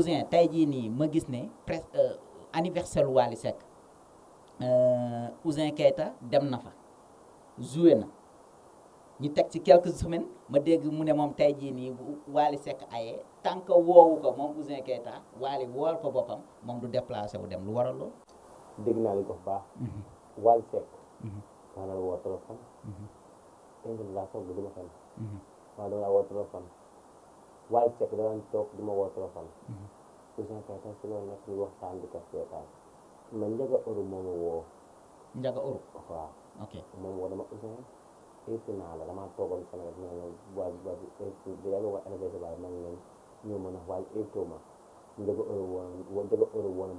Ousin tey jii nii ma gis ne presque euh, anniversaire Wally Seck euh, Ousin Keita dem na fa joué na ñu teg ci quelque semaine ma dégg mu ne moom tey jii nii Wally Seck ayee tant que woowu ko moom Ousin Keita Wally wool ko boppam moom du déplacé wu dem lu waral loolu. dégg naa li ko baax. Mhm. Wally Seck. daanaka mhm. woo téléphone. dégg naa soog du toog du mhm. ma woo Ouzin Keita si loolu la suñu waxtaan di ko seetaan man Ndiaga Euro moom woo. Ndiaga Euro. waaw ok moom woo dama Ouzin invité naa la damaa ma ne ma waa a ma Ndiaga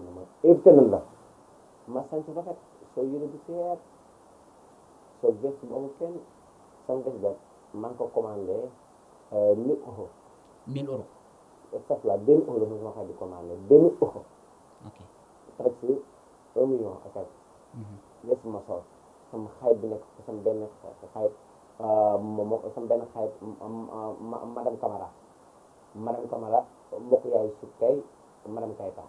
na ma invité nañ la ma sant rafet soo yëre bi seet soo gës bu amul kenn sama gës ba maa ko commandé eh, mille euros. Oh. mille euros. sauf là benn euro bu ma ko di commandé benn euro. Mhm. sama xarit bi nekk sama benn xarit euh, moom sama benn xarit madame Camara madame Camara mbokk yaay su kay madame Kayta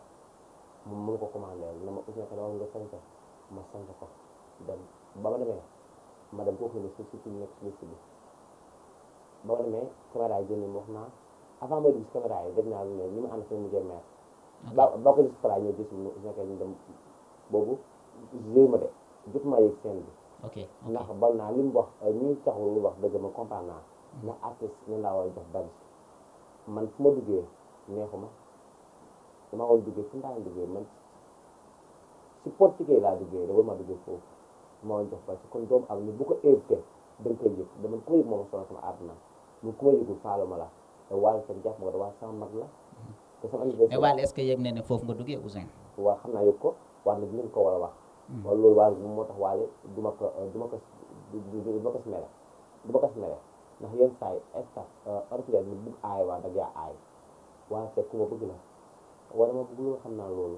moom mu ngi ko commandé na ma us nekk dama nga sant ma sant ko dem ba ma demee ma dem foofu ne si si nekk si liste bi ba ma demee Camara jënd wax naa. avant may gis caméra yi dégg naa ne ni mu ànd ak mujjee maire. ba ba ko gis Fala ñu gis ñu nekkee ñu dem bi. ok ndax bal naa li mu wax ñuy taxul lu wax dëgg ma comprendre naa. Hmm. a jox man fu ma duggee neexuma dama war duggee fu ndaa duggee man si laa duggee da war ma duggee foofu ma war kon doomu am ni bu ko évité dañ koy yëg dama ko yëg moom sama sama àdduna mu ku ma yëgul faalo la waaye seen jàpp la. te sama foofu nga duggee Ouzin. waaw xam naa yëg ko waaye nag ko war a wax. wala loolu waaye moo tax Wally du ma ko du ma ko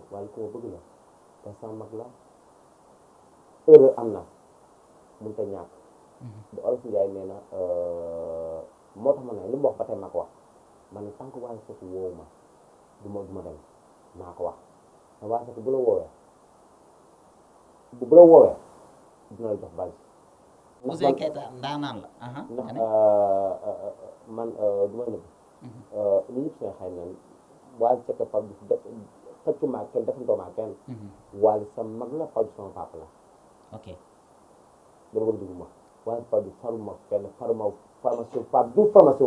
la xam te sama mag la erreur am na mënut a ñàkk. ba Olof Ndiaye nee moo tax ma ne li mu wax ba tey ko wax. man tant que waaye foofu woowu ma du ma du ma dem naa ko wax te waaye foofu bu la woowee bu la woowee dina la jox bàyyi. Ouzin Keita la. ndax man euh, euh, euh, du ma nëbb. li mhm. ñëpp seen xëy na waaye c' est que Pape mhm. sa mag la Pape la. ok dama ko dugg ma waaye Pape Diouf faruma kenn faruma faruma si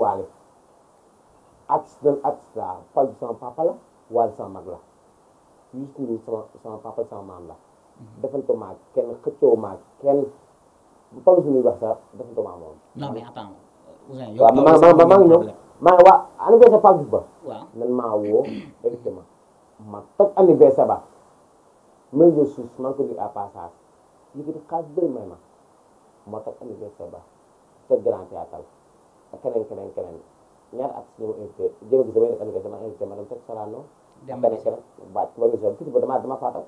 Ats dan ats la fal sama papa la wal sama mag la juste ni sama papa sama mam la hmm. defal ko maag kenn xëccoo maag kenn falu ni wax sa defal ko maag moom non mais attends Ousin ma ma ma ngi ñëw ma waa anniversaire Pape Diouf ba waaw nan ma wo exactement ma toj anniversaire ba may jël suus maa ko di a passage ni ko bëri may ma ma toj anniversaire ba te grand théâtre keneen keneen keneen ñaar ak si ñu ma a gis damay def dem teg Sorano. dem ba gis ba gis ba fa dama faatal.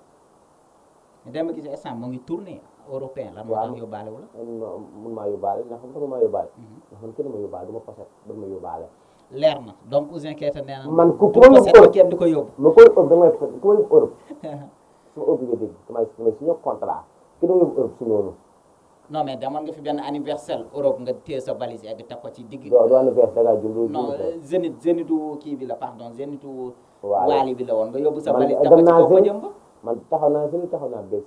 dem ba gis instant mu ngi tourné européen lan moo tax yóbbaale wala. non mun maa yóbbaale ndax xam nga mun maa yóbbaale. Mhm. ndax man kenn ma yóbbaale du ma poset du ma yóbbaale. leer na donc Ouzin kete nee na. man ku ku ma di Europe kenn du ko yóbbu. ma koy Europe da nga may ku ma yóbbu Europe. su ma obligé dégg damay damay signé ma yóbbu Europe si noonu. non mais demoon nga fi benn anniversaire Europe nga téye sa valise egg teg ko ci digg. waaw du anniversaire da ngaa jublu. non Zénith Zénithu kii bi la pardon Zénithu. waaw waali la woon nga yóbbu sa valise. def ko ci kooku jëm naa Zénith taxaw naa bés.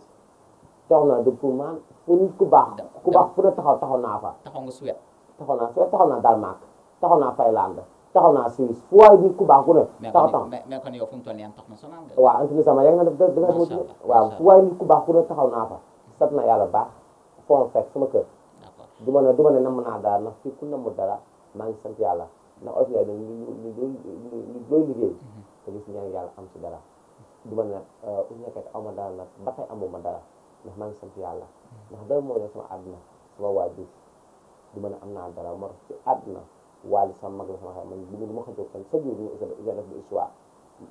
taxaw naa dëkk man pour ku baax. ku baax fu ne taxaw naa fa. taxaw nga Suède. taxaw naa Suède taxaw naa Danemark taxaw naa Finlande taxaw naa Suisse fu waaye nit ku baax ku ne. taxaw taxaw mais mais kon yow fu mu toll yaa ngi ku baax ku taxaw naa fa. Mm. sant na yàlla baax foo fekk sama kër du ma ne du ma ne namm naa dara ndax fii ku namm dara maa ngi sant yàlla ndax olof yaay dañu lu doy lu doy liggéey te gis am si dara du ma ne u nekket aw ma dara nag ba tey amu ma dara ndax maa ngi sant yàlla ndax dara moo ne sama àdduna sama waajur du ma ne am naa dara moo tax ci àdduna waali sama mag la sama xam man du ma xëccoo kenn sa jur nga def bi histoire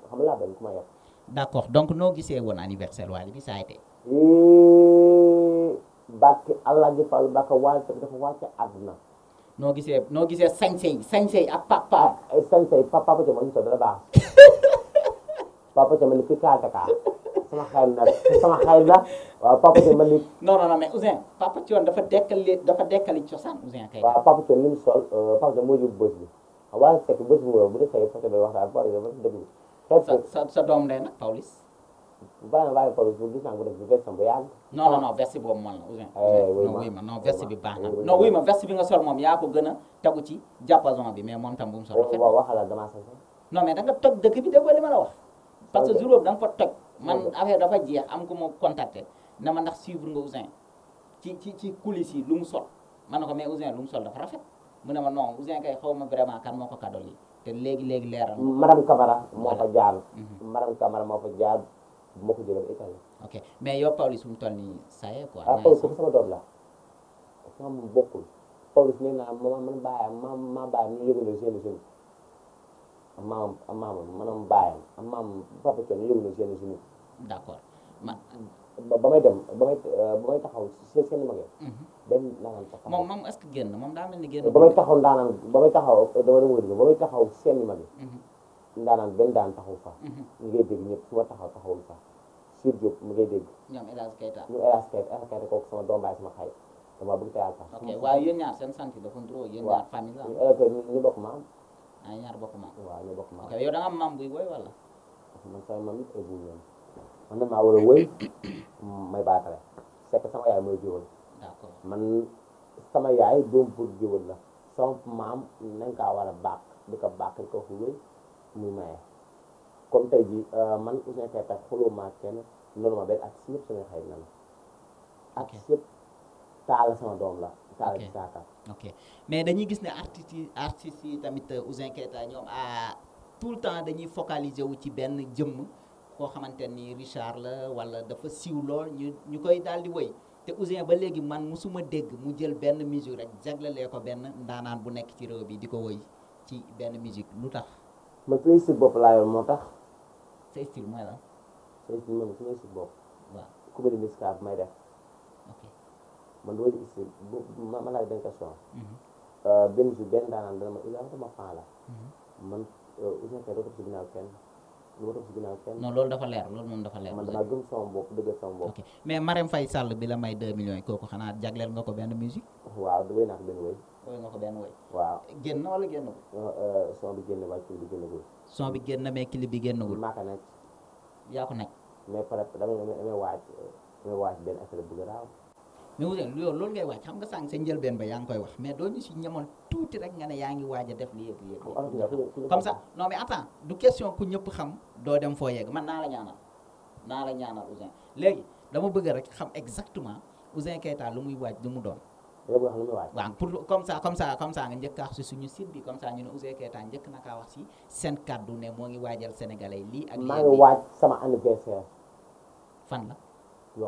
xam laa bañ ku ma yeb d'accord donc noo gisee woon anniversaire waali bi saa été bàkki Alaaji Fall Mbàkke wàcc dafa wàcc àdduna noo gisee noo gisee sañse yi sañse yi ak papa ah, eh, sañse yi papa papa cama ñu so ni ki kaataka sama xayma la sama xayma waaw Papa Thion man dafa dekkali dafa dekkali cosaan Ouzin kay. waaw Papa Thion li mu moo jur bës bi waaye fekk bës bu bu dee fekk Papa Thion day sa doom de nag Pawlish. bàyyi bàyyi ko gis naa ko def version man la Ouzin non wuy ma non version bi baax na ma version nga sol moom yaa ko gën a tegu ci jàppason bi mais moom tam bu mu sol waaw waxala dama sa non mais dëkk bi da li ma la wax parce que jour boobu da nga ko man affaire dafa jeex am ko ma contacté na ma ndax suivre nga ci ci ci coulisses lu mu sol man na ko mais Ouzin lu mu sol dafa rafet mu ne ma non Ouzin kay xaw ma vraiment kan moo ko ka yi te léegi léegi leeral madame Camara moo fa jaar madame Camara moo fa jaar bu ma ko jëloon Italie ok mais yow Pawlish mu toll nii saa yee quoi. ah Pawlish sama doom la sama bokkul Pawlish nee naa ma man baayam ma ma baayam ñu yëgaloo seen i suñu am maam am maamam maanaam baayam am maam papa Thion ñu yëgaloo seen i suñu. d' accord ma. ba may dem ba may eh, ba may taxaw seen seen mag benn naanaan taxaw moom moom est ce que génn moom daa mel ni génn. ba may taxaw ndaanaan ba may taxaw dama dem wër ba may taxaw seen mag ndaanaan benn daan taxaw fa mhm. ñu ngay dégg ñëpp su ma fa Sir Diop mu ngay dégg ñoom El Hadj Keita ñu El Hadj Keita El Hadj Keita kooku sama doom baay sama xarit dama bëgg teyaal sax ok waaye yéen ñaar seen sant dafa nduroo yéen ñaar famille la ñu bokk maam ah ñaar bokk maam waaw ñu bokk maam ok yow da nga sama maam it ay buy man a woy sama yaay mooy jiwal d'accord man la sama maam nañ ka war a baax di ko baax di ko muy maye comme tey euh, man Ouzin Keita xooloo maa kenn loolu ma benn ak si yëpp samay nan ak si yëpp sama doom la taala ci saaka ok mais dañuy gis ne artistes yi artistes tamit euh, Ouzin Keita ñoom a ah, tout le temps dañuy focaliser wu ci benn jëmm koo xamante ni Richard la wala dafa siiw lool ñu ñu koy daal di wëy te Ouzin ba léegi man musuma dégg mu jël benn musique rek jaglelee ko benn ndaanaan bu nekk ci réew bi di ko woy ci benn musique lu tax man su style bopp laa yor moo tax. sa style mooy lan. sa style mooy su style bopp. waaw ku bëri miskaaf may def. man du ma ci style bu ma ma laaj benn question. benn jour benn daanaan dana ma il la. man Ouzin Keita dootul si ginnaaw kenn. non loolu dafa leer loolu moom dafa leer. man damaa gëm sama bopp dëgg sama bopp. ok mais Marème Faye Sall bi la may 2 millions yi kooku xanaa jagleel nga ko benn musique. waaw du wéy naa ko benn wéy. wéy nga ko benn wéy. waaw génn wala génn ko. Euh, son bi génn waaye clip bi génnagul. bi génn mais bi génnagul. maa ko nekk. yaa ko nekk. mais pare damay damay waaj damay euh, waaj benn affaire bu garaaw. mais wute loolu ngay waaj xam nga sànq sa njëlbeen ba yaa ngi koy wax mais doo ñu si ñamoon tuuti rek nga ne yaa ngi waaja def lii yëpp yëpp comme ça non mais attends du question ku ñëpp xam doo dem foo yegg man naa la ñaanal naa la ñaanal léegi dama bëgg rek xam exactement Ouzin Keita lu muy waaj lu mu doon waaw pour comme ça comme comme ça nga njëkk a si suñu site bi comme ça ñu ne Ouzin Keita na kaa wax si seen kaddu ne moo ngi waajal sénégalais lii ak maa ngi waaj sama anniversaire fan la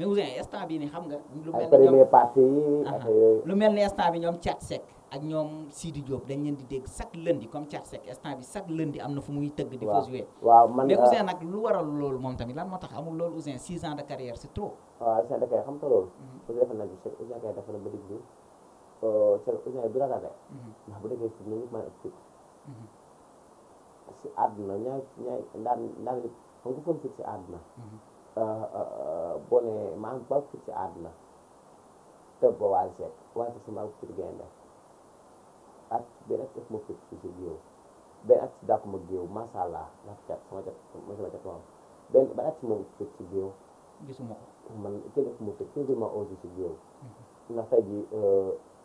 mais Ousin instant bi ni xam nga lu mel premier parti lu mel ni instant bi ñoom Thiat Seck ak ñoom Sidi Diop dañ leen di dégg chaque lundi comme chat Seck instant bi sak lundi am na fu muy tëgg di ko jouer waaw man mais Ousin nag lu waral loolu moom tamit lan moo tax amul loolu Ousin 6 ans de carrière c'est trop waaw Ousin da kay xam nga loolu Ousin def na ci Ousin kay def na ba digg euh Ousin du ragal ndax bu déggee ci ñu ma ëpp ci àdduna ñaar ñaar ndaan ndaan ko fon ci àdduna Euh, euh, euh, bone maa ngi ba fukki àdduna tëbb waa Seck waa Seck si maa ngi fukki gaynde ak benn at daf ma fukki si géew benn at si dàpp ma géew masha Allah ndax cat sama cat sama cat moom benn ba at si ma fukki si géew gisuma ko man kenn daf ma fukki ma si géew mhm. ndax tey jii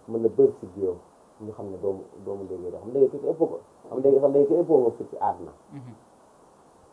mën na bëri si géew ñu xam ne doomu doomu léegi doo xam léegi ki ëpp ko xam léegi xam léegi ki ëpp ko fukki àdduna mhm.